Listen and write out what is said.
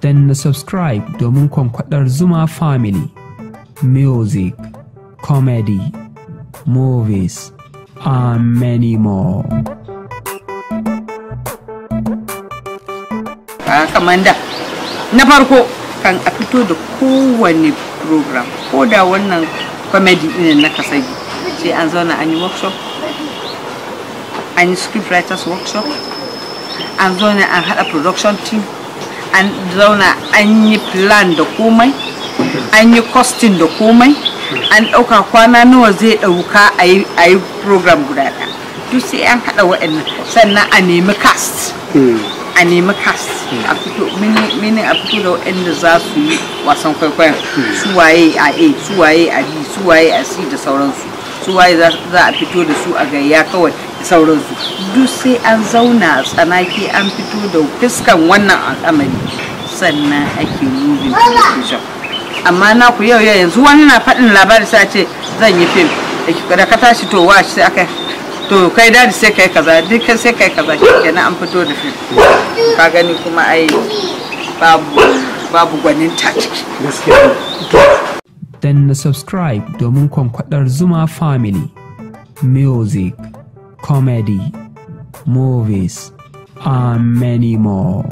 dan na subscribe domin kwankwadar Zuma Family. Music, comedy, movies, and many more. kamanda na farko kan a fito da kowane program ko da wannan comedy ne na kasagi sai an zauna an yi workshop an yi script writers workshop an zauna an haɗa production team an zauna an yi plan da komai an yi costing da komai an ɗauka kwana nawa zai ɗauka a yi program guda ɗaya duk sai an haɗa waɗannan sannan a nemi cast hmm. a nemi cast hmm. a fito mini a fito da waɗanda za su yi wasan kwaikwayon hmm. su waye a a su waye a b su waye a c da sauransu su waye za a fito da su a gayya kawai sauransu duk sai an zauna tsanaki an fito da fuskan wannan al'amari sannan ake moving television amma na ku yau yau yanzu wani na faɗin labari sai ce zan yi fim da ka tashi to wa sai aka to kai dadi sai kai kaza duk sai kai kaza kenan an fito da fim ka gani kuma ai babu babu gwanin ta ciki gaskiya dan na subscribe domin kwankwadar zuma family music comedy, movies, and many more.